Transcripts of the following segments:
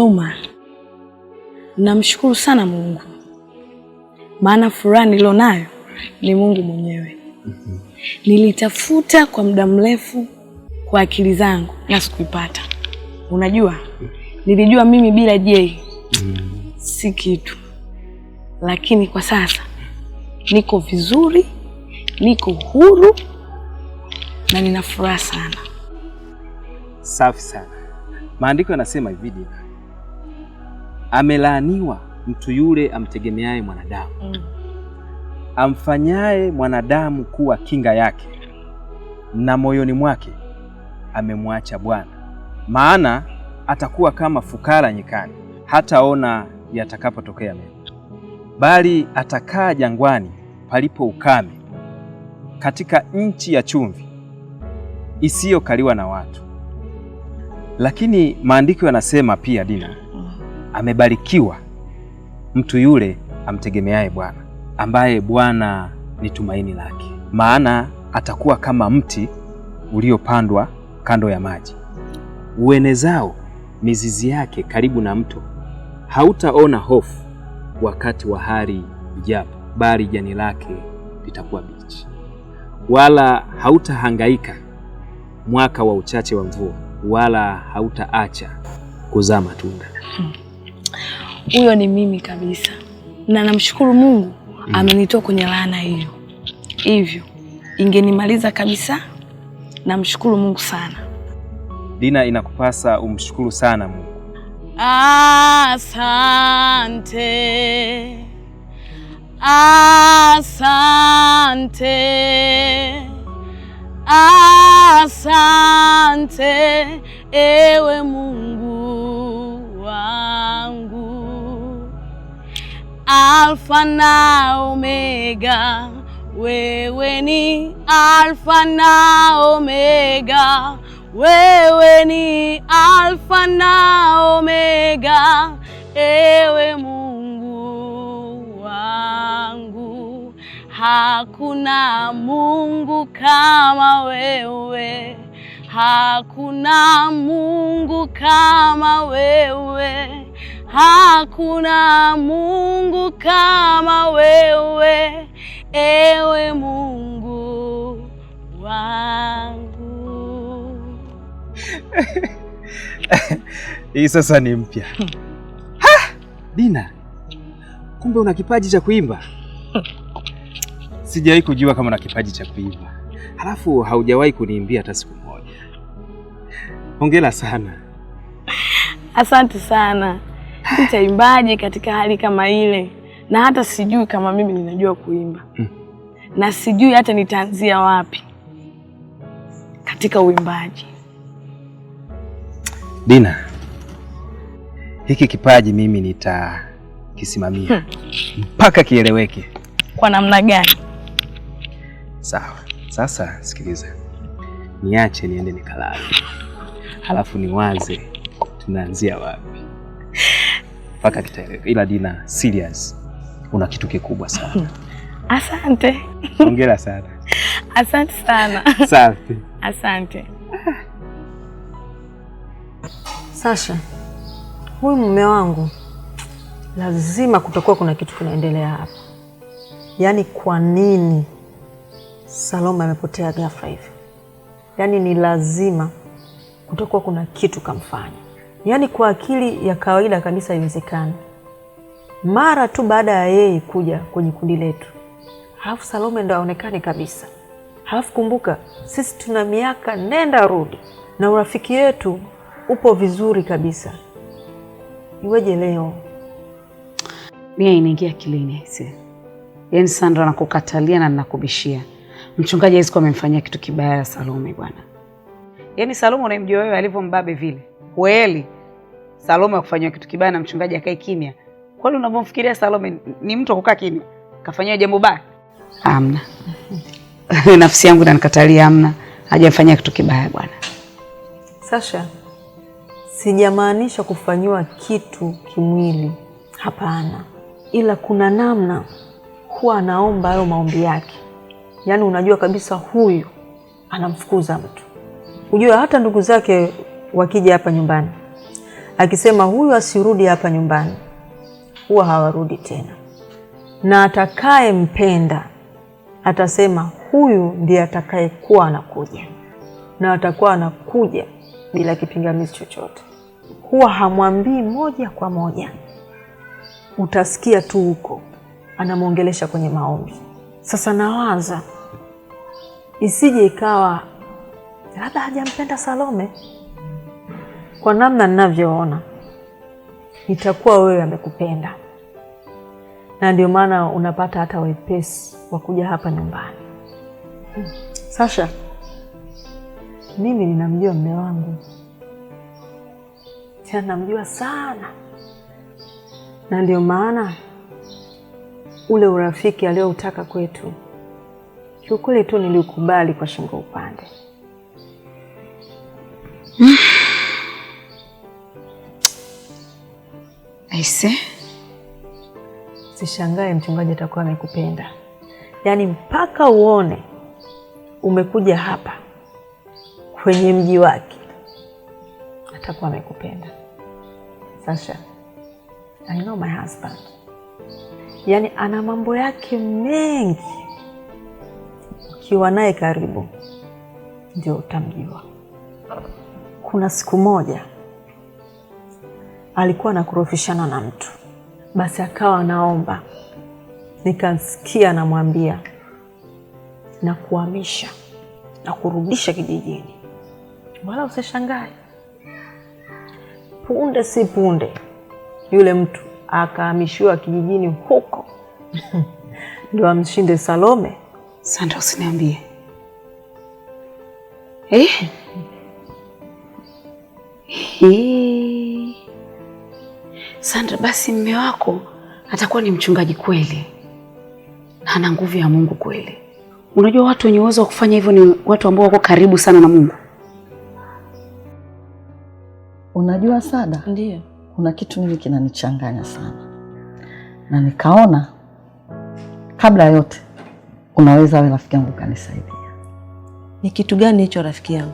huruma. Namshukuru sana Mungu, maana furaha nilionayo ni Mungu mwenyewe. Nilitafuta kwa muda mrefu kwa akili zangu na sikuipata. Unajua, nilijua mimi bila jei si kitu, lakini kwa sasa niko vizuri, niko huru na nina furaha sana. Safi sana. Maandiko yanasema hivi, Dina, amelaaniwa mtu yule amtegemeaye mwanadamu mm. amfanyaye mwanadamu kuwa kinga yake, na moyoni mwake amemwacha Bwana. Maana atakuwa kama fukara nyikani, hataona yatakapotokea mema, bali atakaa jangwani palipo ukame, katika nchi ya chumvi isiyokaliwa na watu. Lakini maandiko yanasema pia, Dina, mm amebarikiwa mtu yule amtegemeaye Bwana, ambaye Bwana ni tumaini lake, maana atakuwa kama mti uliopandwa kando ya maji, uenezao mizizi yake karibu na mto. Hautaona hofu wakati wa hari ijapo, bali jani lake litakuwa bichi, wala hautahangaika mwaka wa uchache wa mvua, wala hautaacha kuzaa matunda huyo ni mimi kabisa, na namshukuru Mungu mm. amenitoa kwenye laana hiyo, hivyo ingenimaliza kabisa. Namshukuru Mungu sana. Dina, inakupasa umshukuru sana Mungu. Asante, asante, asante ewe Mungu. Alfa na Omega, wewe ni Alfa na Omega, wewe ni Alfa na Omega, ewe Mungu wangu, hakuna Mungu kama wewe, hakuna Mungu kama wewe Hakuna Mungu kama wewe, ewe Mungu wangu. Hii sasa ni mpya. Dina, kumbe una kipaji cha kuimba? Sijawahi kujua kama una kipaji cha kuimba, halafu haujawahi kuniimbia hata siku moja. Hongera sana. Asante sana nitaimbaje katika hali kama ile, na hata sijui kama mimi ninajua kuimba hmm. na sijui hata nitaanzia wapi katika uimbaji. Dina, hiki kipaji mimi nitakisimamia hmm. mpaka kieleweke. Kwa namna gani? Sawa. Sasa sikiliza, niache niende nikalale, halafu niwaze tunaanzia wapi mpaka kitaeleweka, ila Dina, serious, una kitu kikubwa sana. Hmm. Asante, hongera sana. Asante sana. Safi. Asante Sasha, huyu mume wangu lazima kutakuwa kuna kitu kinaendelea hapa. Yaani, kwa nini Salome amepotea ghafla hivi? Yaani ni lazima kutakuwa kuna kitu kamfanya Yaani kwa akili ya kawaida kabisa haiwezekani. Mara tu baada ya yeye kuja kwenye kundi letu, halafu Salome ndo aonekane kabisa. Halafu kumbuka, sisi tuna miaka nenda rudi na urafiki wetu upo vizuri kabisa, iweje leo mia inaingia akilini? Yaani Sandra nakukatalia na nakubishia mchungaji hawezi kuwa amemfanyia kitu kibaya Salome bwana. Yaani Salome unamjua wewe alivyo mbabe vile kweli Salome akufanyiwa kitu kibaya na mchungaji akae kimya? Kweli unavyomfikiria Salome ni mtu akukaa kimya? Kafanyiwa jambo baya? Amna. Nafsi yangu inanikatalia, amna, hajamfanyia kitu kibaya bwana. Sasha, sijamaanisha kufanyiwa kitu kimwili, hapana, ila kuna namna huwa anaomba hayo maombi yake, yaani unajua kabisa huyu anamfukuza mtu. hujua hata ndugu zake wakija hapa nyumbani, akisema huyu asirudi hapa nyumbani, huwa hawarudi tena, na atakayempenda atasema huyu ndiye atakayekuwa anakuja, na atakuwa anakuja bila kipingamizi chochote. Huwa hamwambii moja kwa moja, utasikia tu huko anamwongelesha kwenye maombi. Sasa nawaza isije ikawa labda hajampenda Salome. Kwa namna ninavyoona, itakuwa wewe amekupenda, na ndio maana unapata hata wepesi wa kuja hapa nyumbani. Sasha, mimi ninamjua mme wangu, tena namjua sana, na ndio maana ule urafiki alioutaka kwetu kiukweli tu niliukubali kwa shingo upande. Mm. Aise, sishangae mchungaji atakuwa amekupenda, yaani mpaka uone umekuja hapa kwenye mji wake atakuwa amekupenda. Sasha, I know my husband, yaani ana mambo yake mengi, ukiwa naye karibu ndio utamjua. Kuna siku moja alikuwa anakorofishana na mtu, basi akawa anaomba, nikasikia anamwambia na kuhamisha na kurudisha kijijini, wala usishangae, punde si punde yule mtu akahamishiwa kijijini huko ndo amshinde Salome. Sanda, usiniambie eh? Sandra, basi mme wako atakuwa ni mchungaji kweli na ana nguvu ya Mungu kweli. Unajua watu wenye uwezo wa kufanya hivyo ni watu ambao wako karibu sana na Mungu. Unajua Sada, ndio kuna kitu mimi kinanichanganya sana, na nikaona kabla ya yote unaweza awe rafiki yangu kanisaidia. Ni kitu gani hicho rafiki yangu?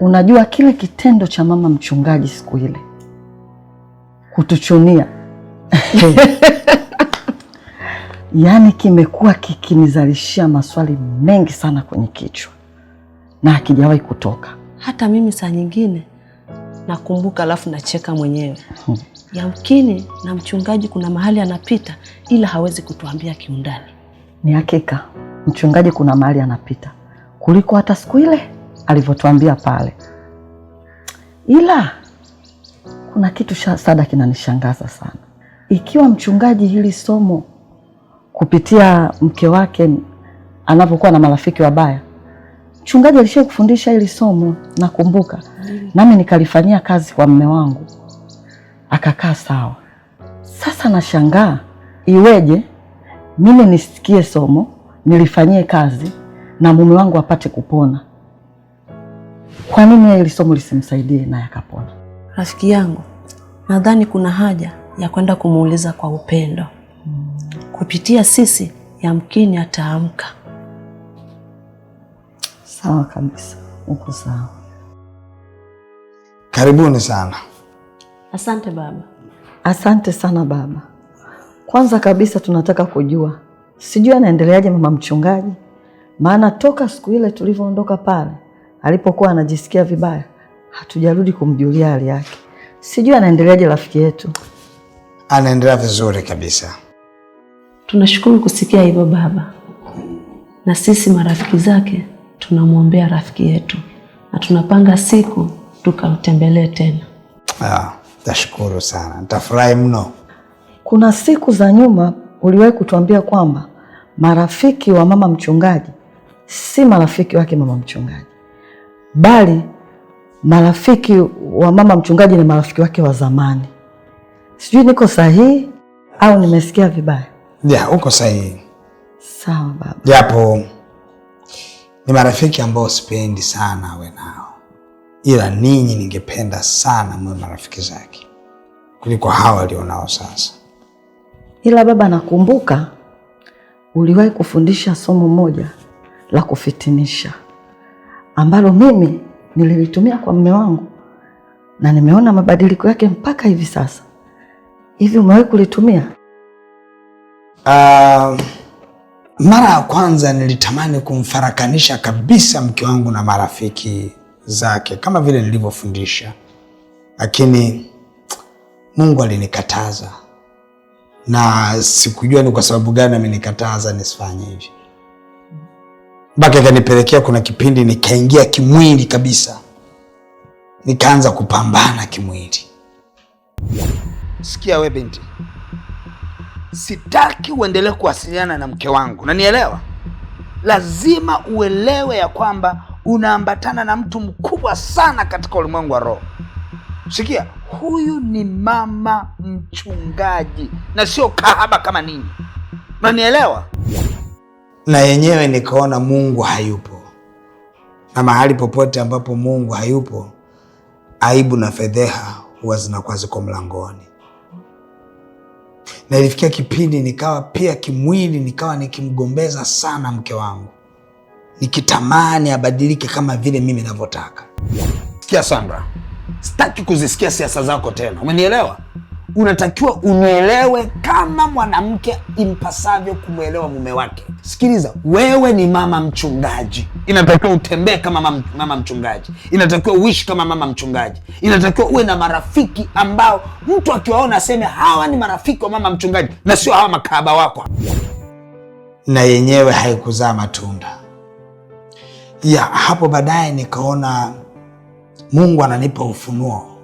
Unajua kile kitendo cha mama mchungaji siku ile kutuchunia yaani kimekuwa kikinizalishia maswali mengi sana kwenye kichwa na hakijawahi kutoka. Hata mimi saa nyingine nakumbuka, alafu nacheka mwenyewe hmm. Yamkini na mchungaji kuna mahali anapita, ila hawezi kutuambia kiundani. Ni hakika mchungaji kuna mahali anapita kuliko hata siku ile alivyotuambia pale, ila kuna kitu Sada kinanishangaza sana. Ikiwa mchungaji hili somo kupitia mke wake anapokuwa na marafiki wabaya, mchungaji alishia kufundisha hili somo nakumbuka, nami nikalifanyia kazi kwa mme wangu akakaa sawa. Sasa nashangaa iweje mimi nisikie somo nilifanyie kazi na mume wangu apate kupona. Kwa nini hili somo lisimsaidie naye akapona? Rafiki yangu, nadhani kuna haja ya kwenda kumuuliza kwa upendo. Kupitia sisi yamkini ataamka. Sawa kabisa, uko sawa. Karibuni sana. Asante baba. Asante sana baba. Kwanza kabisa tunataka kujua, sijui anaendeleaje mama mchungaji, maana toka siku ile tulivyoondoka pale alipokuwa anajisikia vibaya hatujarudi kumjulia hali yake. Sijui anaendeleaje rafiki yetu. Anaendelea vizuri kabisa. Tunashukuru kusikia hivyo baba, na sisi marafiki zake tunamwombea rafiki yetu na tunapanga siku tukamtembelee tena. Ah, tashukuru sana, nitafurahi mno. Kuna siku za nyuma uliwahi kutuambia kwamba marafiki wa mama mchungaji si marafiki wake mama mchungaji, bali marafiki wa mama mchungaji na marafiki wake wa zamani. Sijui niko sahihi au nimesikia vibaya? Ya, uko sahihi. Sawa baba, japo ni marafiki ambao sipendi sana we nao, ila ninyi ningependa sana mwe marafiki zake kuliko hawa walionao sasa. Ila baba, nakumbuka uliwahi kufundisha somo moja la kufitinisha ambalo mimi nililitumia kwa mme wangu na nimeona mabadiliko yake mpaka hivi sasa. Hivi umewahi kulitumia? Uh, mara ya kwanza nilitamani kumfarakanisha kabisa mke wangu na marafiki zake kama vile nilivyofundisha, lakini Mungu alinikataza na sikujua ni kwa sababu gani amenikataza nisifanye hivi mpaka ikanipelekea kuna kipindi nikaingia kimwili kabisa, nikaanza kupambana kimwili. Sikia we binti, sitaki uendelee kuwasiliana na mke wangu, nanielewa. Lazima uelewe ya kwamba unaambatana na mtu mkubwa sana katika ulimwengu wa roho. Sikia, huyu ni mama mchungaji na sio kahaba kama ninyi, unanielewa? na yenyewe nikaona Mungu hayupo, na mahali popote ambapo Mungu hayupo, aibu na fedheha huwa zinakuwa ziko mlangoni. Na ilifikia kipindi nikawa pia kimwili, nikawa nikimgombeza sana mke wangu, nikitamani abadilike kama vile mimi navyotaka. Sikia Sandra, sitaki kuzisikia siasa zako tena, umenielewa? unatakiwa unielewe kama mwanamke impasavyo kumwelewa mume wake. Sikiliza, wewe ni mama mchungaji, inatakiwa utembee kama mama, mchungaji, inatakiwa uishi kama mama mchungaji, inatakiwa uwe na marafiki ambao mtu akiwaona aseme hawa ni marafiki wa mama mchungaji na sio hawa makahaba wako. Na yenyewe haikuzaa matunda ya hapo. Baadaye nikaona Mungu ananipa ufunuo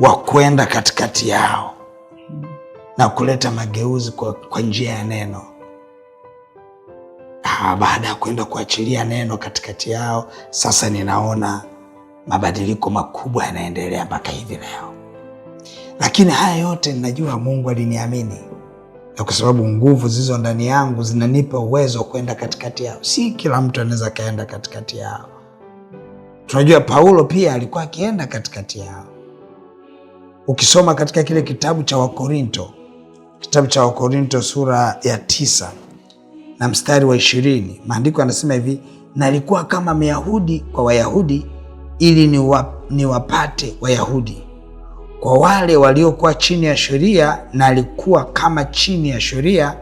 wa kwenda katikati yao na kuleta mageuzi kwa, kwa njia ya neno. Ah, baada ya kwenda kuachilia neno katikati yao, sasa ninaona mabadiliko makubwa yanaendelea mpaka hivi leo. Lakini haya yote ninajua Mungu aliniamini, na kwa sababu nguvu zilizo ndani yangu zinanipa uwezo wa kwenda katikati yao. Si kila mtu anaweza akaenda katikati yao. Tunajua Paulo pia alikuwa akienda katikati yao Ukisoma katika kile kitabu cha Wakorinto, kitabu cha Wakorinto sura ya tisa na mstari wa ishirini, maandiko yanasema hivi, nalikuwa kama Myahudi kwa Wayahudi ili niwapate ni Wayahudi. Kwa wale waliokuwa chini ya sheria nalikuwa kama chini ya sheria,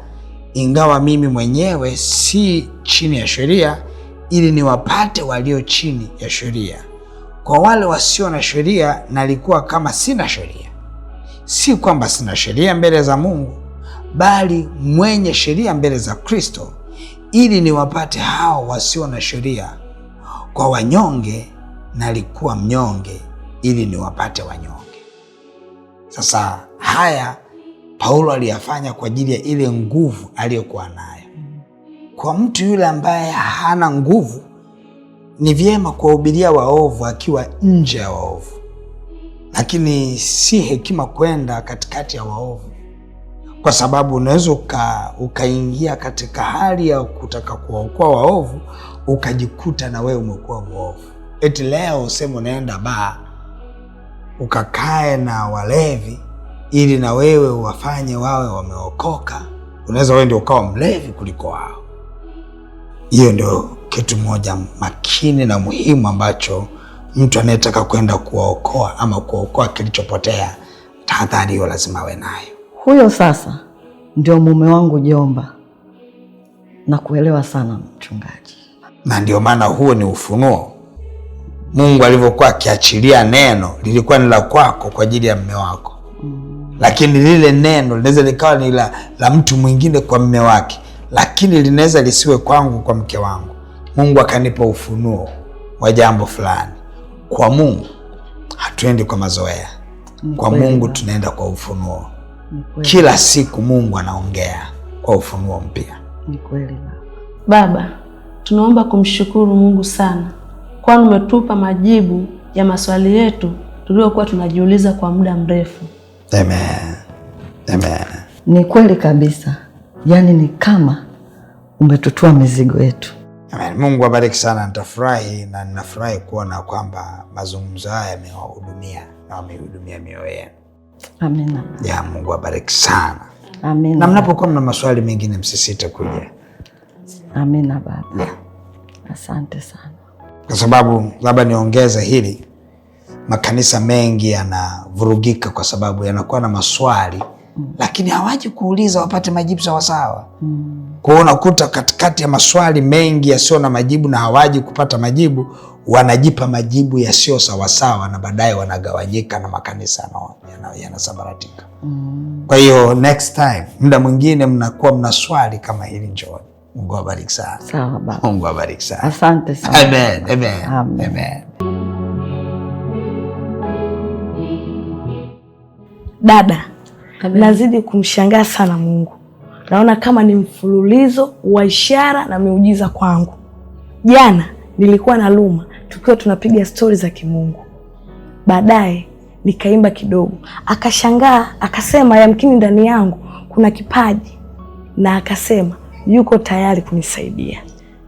ingawa mimi mwenyewe si chini ya sheria, ili niwapate walio chini ya sheria kwa wale wasio na sheria nalikuwa kama sina sheria, si kwamba sina sheria mbele za Mungu, bali mwenye sheria mbele za Kristo, ili niwapate hao wasio na sheria. Kwa wanyonge nalikuwa mnyonge, ili niwapate wanyonge. Sasa haya Paulo aliyafanya kwa ajili ya ile nguvu aliyokuwa nayo. Kwa mtu yule ambaye hana nguvu ni vyema kuwahubiria waovu akiwa nje ya waovu, lakini si hekima kwenda katikati ya waovu, kwa sababu unaweza ukaingia katika hali ya kutaka kuwaokoa waovu ukajikuta na wewe umekuwa mwovu. Eti leo useme unaenda baa ukakae na walevi ili na wewe uwafanye wawe wameokoka. Unaweza wewe ndio ukawa mlevi kuliko wao. Hiyo ndio kitu moja makini na muhimu ambacho mtu anayetaka kwenda kuwaokoa ama kuokoa kilichopotea, tahadhari hiyo lazima awe nayo. Huyo sasa ndio mume wangu Jomba, na kuelewa sana mchungaji, na ndio maana huo ni ufunuo. Mungu alivyokuwa akiachilia neno lilikuwa ni la kwako kwa ajili ya mume wako mm. lakini lile neno linaweza likawa ni la mtu mwingine kwa mume wake, lakini linaweza lisiwe kwangu kwa mke wangu Mungu akanipa ufunuo wa jambo fulani. Kwa Mungu hatuendi kwa mazoea, kwa Mungu tunaenda kwa ufunuo. Kila siku Mungu anaongea kwa ufunuo mpya. Ni kweli baba, tunaomba kumshukuru Mungu sana, kwani umetupa majibu ya maswali yetu tuliyokuwa tunajiuliza kwa muda mrefu. Amen. Amen. Ni kweli kabisa, yaani ni kama umetutua mizigo yetu. Mungu abariki sana, nitafurahi na ninafurahi kuona kwamba mazungumzo haya yamewahudumia na wamehudumia mioyo yenu. Amina. Ya Mungu abariki sana. Amina. Na mnapokuwa mna maswali mengine msisite kuja. Amina baba. Asante sana. Kwa sababu labda niongeze hili, makanisa mengi yanavurugika kwa sababu yanakuwa na maswali lakini hawaji kuuliza wapate majibu sawasawa mm. Kwao unakuta katikati ya maswali mengi yasiyo na majibu na hawaji kupata majibu, wanajipa majibu yasiyo sawasawa, na baadaye wanagawanyika na makanisa yanasambaratika yana mm. Kwa hiyo next time, muda mwingine mnakuwa mna swali kama hili, njooni. Mungu awabariki sana. Sawa Mungu awabariki sana. Asante sana. Amen. Amen. Amen. Amen. Dada Amen. Nazidi kumshangaa sana Mungu, naona kama ni mfululizo wa ishara na miujiza kwangu. Jana nilikuwa na Luma tukiwa tunapiga stori za kimungu, baadaye nikaimba kidogo, akashangaa akasema, yamkini ndani yangu kuna kipaji, na akasema yuko tayari kunisaidia.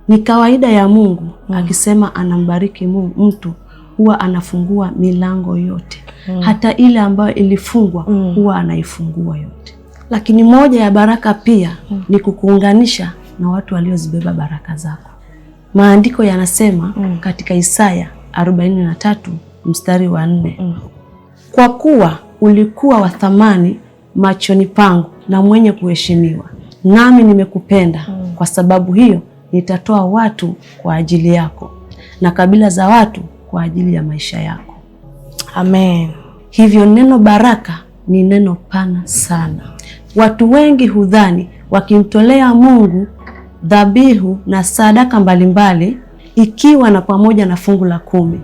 Ni kawaida ya Mungu, mm. akisema anambariki mtu huwa anafungua milango yote mm. hata ile ambayo ilifungwa mm. huwa anaifungua yote. Lakini moja ya baraka pia mm. ni kukuunganisha na watu waliozibeba baraka zako. Maandiko yanasema mm. katika Isaya 43 mstari wa nne mm. kwa kuwa ulikuwa wa thamani machoni pangu na mwenye kuheshimiwa, nami nimekupenda mm. kwa sababu hiyo nitatoa watu kwa ajili yako na kabila za watu kwa ajili ya maisha yako. Amen. Hivyo neno baraka ni neno pana sana. Watu wengi hudhani wakimtolea Mungu dhabihu na sadaka mbalimbali ikiwa na pamoja na fungu la kumi,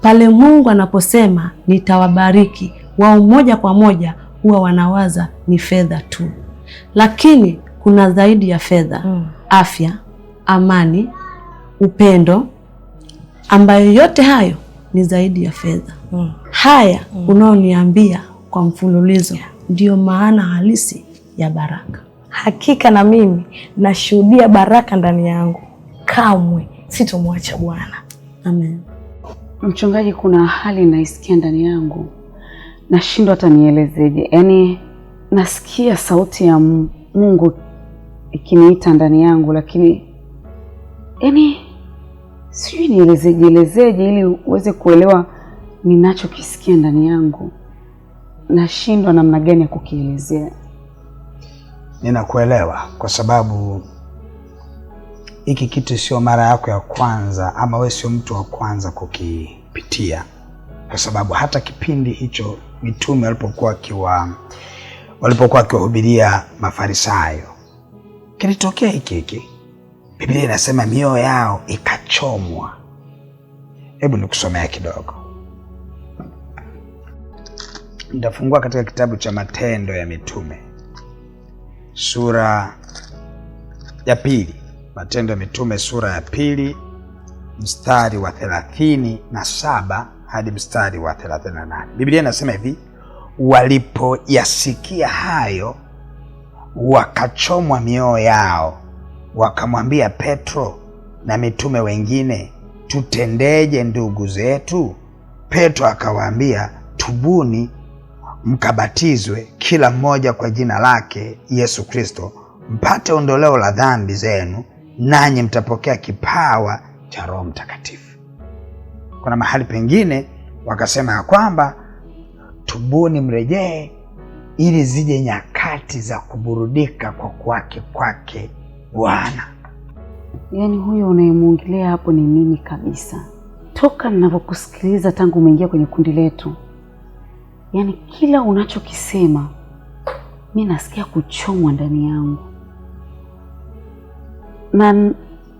pale Mungu anaposema nitawabariki, wao moja kwa moja huwa wanawaza ni fedha tu, lakini kuna zaidi ya fedha mm. Afya, amani, upendo ambayo yote hayo ni zaidi ya fedha mm. Haya mm. unaoniambia kwa mfululizo yeah. Ndiyo maana halisi ya baraka. Hakika na mimi nashuhudia baraka ndani yangu, kamwe sitomwacha Bwana. Amen. Mchungaji, kuna hali naisikia ndani yangu, nashindwa hata nielezeje. Yaani nasikia sauti ya Mungu ikiniita ndani yangu, lakini yaani sijui nielezeje ili uweze kuelewa ninachokisikia ndani yangu. Nashindwa namna gani ya kukielezea. Ninakuelewa kwa sababu hiki kitu sio mara yako ya kwanza, ama wewe sio mtu wa kwanza kukipitia, kwa sababu hata kipindi hicho mitume walipokuwa kiwa walipokuwa akiwahubiria Mafarisayo kilitokea hiki hiki Biblia inasema mioyo yao ikachomwa. Hebu nikusomea kidogo, nitafungua katika kitabu cha Matendo ya Mitume sura ya pili. Matendo ya Mitume sura ya pili mstari wa thelathini na saba hadi mstari wa thelathini na nane Biblia inasema hivi: walipoyasikia hayo wakachomwa mioyo yao wakamwambia Petro na mitume wengine, tutendeje ndugu zetu? Petro akawaambia, tubuni mkabatizwe kila mmoja kwa jina lake Yesu Kristo mpate ondoleo la dhambi zenu, nanyi mtapokea kipawa cha Roho Mtakatifu. Kuna mahali pengine wakasema ya kwamba tubuni, mrejee, ili zije nyakati za kuburudika kwa kwake kwake Bwana. Yaani huyo unayemwongelea hapo ni mimi kabisa, toka ninavyokusikiliza tangu umeingia kwenye kundi letu, yaani kila unachokisema mi nasikia kuchomwa ndani yangu, na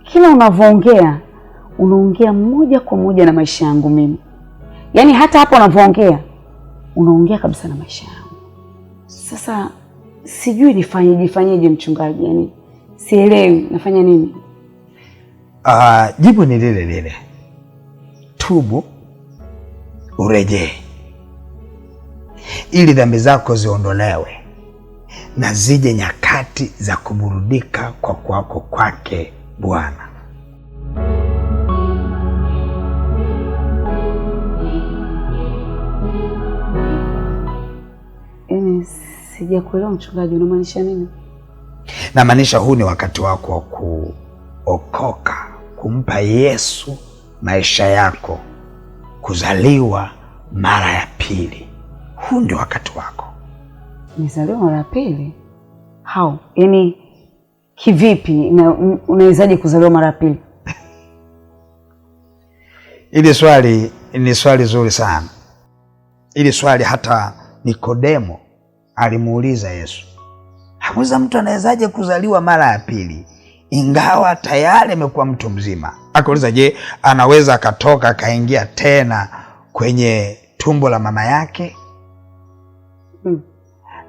kila unavyoongea unaongea moja kwa moja na maisha yangu mimi. Yaani hata hapo unavyoongea unaongea kabisa na maisha yangu. Sasa sijui nifanyeje fanyeje, mchungaji, yani sielewi nafanya nini? Uh, jibu ni lile lile, tubu urejee, ili dhambi zako ziondolewe na zije nyakati za kuburudika kwa kwako kwake Bwana. Yaani, sijakuelewa mchungaji, unamaanisha nini? Namaanisha huu ni wakati wako wa kuokoka, kumpa Yesu maisha yako, kuzaliwa mara ya pili. Huu ndio wakati wako. nizaliwa mara ya pili? Hao yani kivipi? Unawezaje kuzaliwa mara ya pili? Hili swali ni swali zuri sana. Hili swali hata Nikodemo alimuuliza Yesu. Uza mtu anawezaje kuzaliwa mara ya pili ingawa tayari amekuwa mtu mzima? Akauliza, je, anaweza akatoka akaingia tena kwenye tumbo la mama yake? Hmm.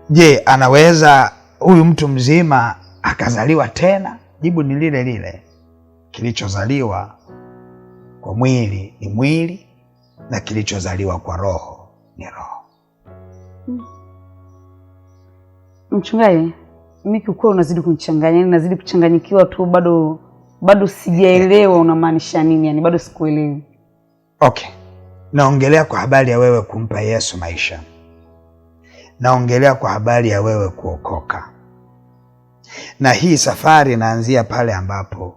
Je, anaweza huyu mtu mzima akazaliwa tena? Jibu ni lile lile, kilichozaliwa kwa mwili ni mwili na kilichozaliwa kwa roho ni roho. Hmm. Mchungaji, Miki, kiukweli unazidi kunichanganya, yani nazidi kuchanganyikiwa tu, bado bado sijaelewa unamaanisha nini, yani bado sikuelewi. Okay, naongelea kwa habari ya wewe kumpa Yesu maisha, naongelea kwa habari ya wewe kuokoka, na hii safari inaanzia pale ambapo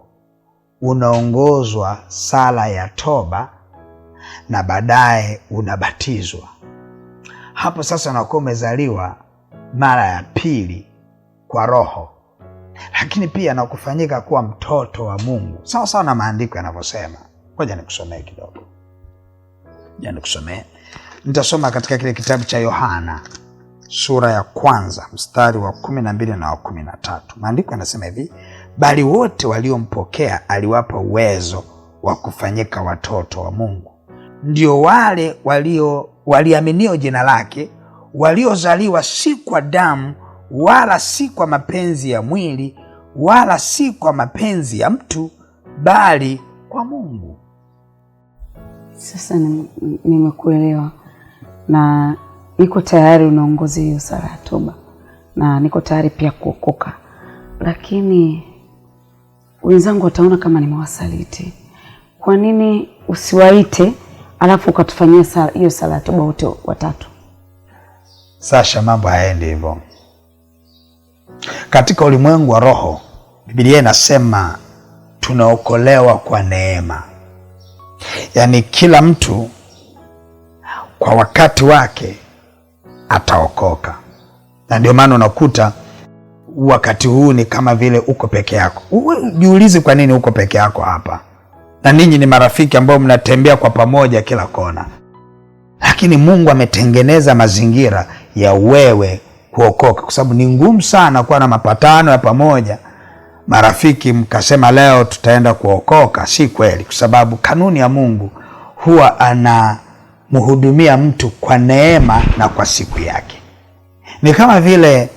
unaongozwa sala ya toba na baadaye unabatizwa. Hapo sasa unakuwa umezaliwa mara ya pili kwa roho, lakini pia na kufanyika kuwa mtoto wa Mungu sawa sawa na maandiko yanavyosema. Ngoja nikusomee kidogo, ngoja nikusomee, nitasoma katika kile kitabu cha Yohana sura ya kwanza mstari wa kumi na mbili na wa kumi na tatu. Maandiko yanasema hivi, bali wote waliompokea aliwapa uwezo wa kufanyika watoto wa Mungu, ndio wale walio waliaminio jina lake, waliozaliwa si kwa damu wala si kwa mapenzi ya mwili wala si kwa mapenzi ya mtu bali kwa Mungu. Sasa nimekuelewa na niko tayari unaongoza hiyo sala ya toba, na niko tayari pia kuokoka, lakini wenzangu wataona kama nimewasaliti. Kwa nini usiwaite alafu ukatufanyia hiyo sala ya toba wote watatu? Sasha, mambo hayaendi hivyo katika ulimwengu wa roho, Biblia inasema tunaokolewa kwa neema, yaani kila mtu kwa wakati wake ataokoka, na ndio maana unakuta wakati huu ni kama vile uko peke yako. Jiulize, kwa nini uko peke yako hapa? Na ninyi ni marafiki ambao mnatembea kwa pamoja kila kona, lakini Mungu ametengeneza mazingira ya wewe kuokoka, kwa sababu ni ngumu sana kuwa na mapatano ya pamoja marafiki mkasema leo tutaenda kuokoka. Si kweli, kwa sababu kanuni ya Mungu huwa anamhudumia mtu kwa neema na kwa siku yake. Ni kama vile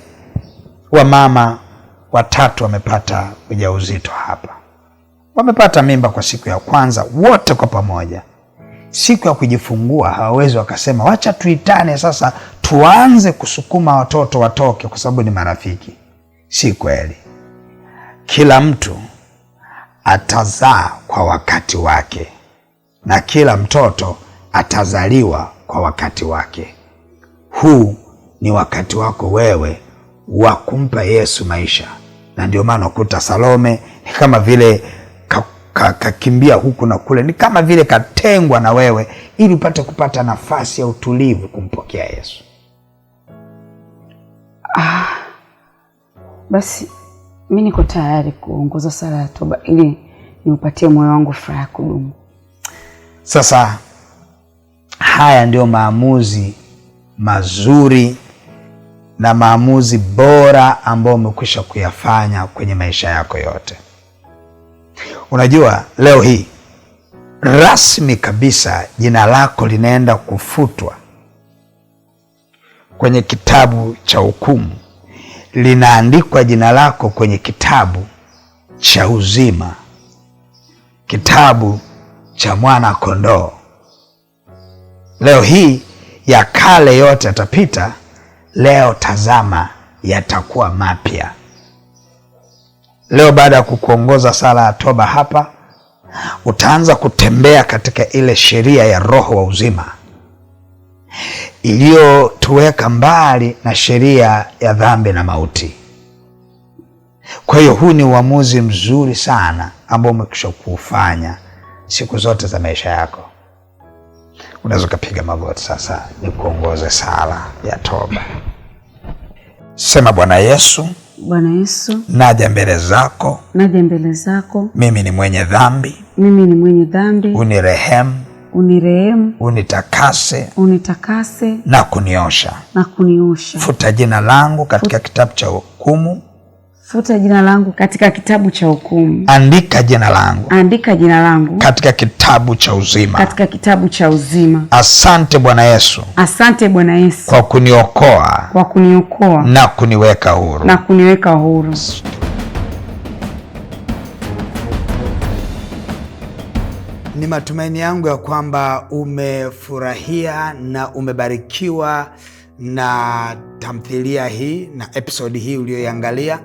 wamama watatu wamepata ujauzito hapa, wamepata mimba kwa siku ya kwanza wote kwa pamoja. Siku ya kujifungua hawawezi wakasema wacha tuitane sasa tuanze kusukuma watoto watoke kwa sababu ni marafiki. Si kweli. Kila mtu atazaa kwa wakati wake na kila mtoto atazaliwa kwa wakati wake. Huu ni wakati wako wewe wa kumpa Yesu maisha, na ndio maana ukuta Salome ni kama vile kakimbia ka, ka huku na kule, ni kama vile katengwa na wewe, ili upate kupata nafasi ya utulivu kumpokea Yesu. Ah, basi mi niko tayari kuongoza sala ya toba ili niupatie moyo wangu furaha ya kudumu. Sasa haya ndiyo maamuzi mazuri na maamuzi bora ambayo umekwisha kuyafanya kwenye maisha yako yote. Unajua, leo hii rasmi kabisa jina lako linaenda kufutwa kwenye kitabu cha hukumu, linaandikwa jina lako kwenye kitabu cha uzima, kitabu cha mwana kondoo. Leo hii ya kale yote yatapita, leo tazama, yatakuwa mapya. Leo baada ya kukuongoza sala ya toba hapa, utaanza kutembea katika ile sheria ya roho wa uzima iliyotuweka mbali na sheria ya dhambi na mauti. Kwa hiyo huu ni uamuzi mzuri sana ambao umekisha kuufanya siku zote za maisha yako. Unaweza ukapiga magoti sasa, ni kuongoze sala ya toba. Sema, Bwana Yesu, Bwana Yesu, naja mbele zako, naja mbele zako, mimi ni mwenye dhambi, mimi ni mwenye dhambi, unirehemu unirehemu, unitakase, unitakase na kuniosha, na kuniosha. Futa jina langu katika Fut... kitabu cha hukumu Futa jina langu katika kitabu cha hukumu. Andika jina langu. Andika jina langu katika kitabu cha uzima. Katika kitabu cha uzima. Asante Bwana Yesu. Asante Bwana Yesu kwa kuniokoa. Kwa kuniokoa na kuniweka huru. Na kuniweka huru. Ni matumaini yangu ya kwamba umefurahia na umebarikiwa na tamthilia hii na episodi hii uliyoiangalia.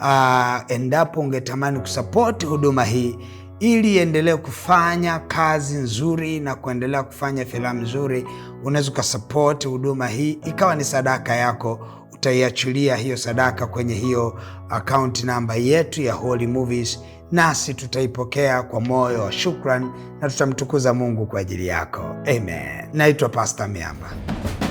Uh, endapo ungetamani kusapoti huduma hii ili iendelee kufanya kazi nzuri na kuendelea kufanya filamu nzuri, unaweza ukasapoti huduma hii ikawa ni sadaka yako. Utaiachilia hiyo sadaka kwenye hiyo akaunti namba yetu ya Holy Movies nasi tutaipokea kwa moyo wa shukran na tutamtukuza Mungu kwa ajili yako. Amen. Naitwa pasta miamba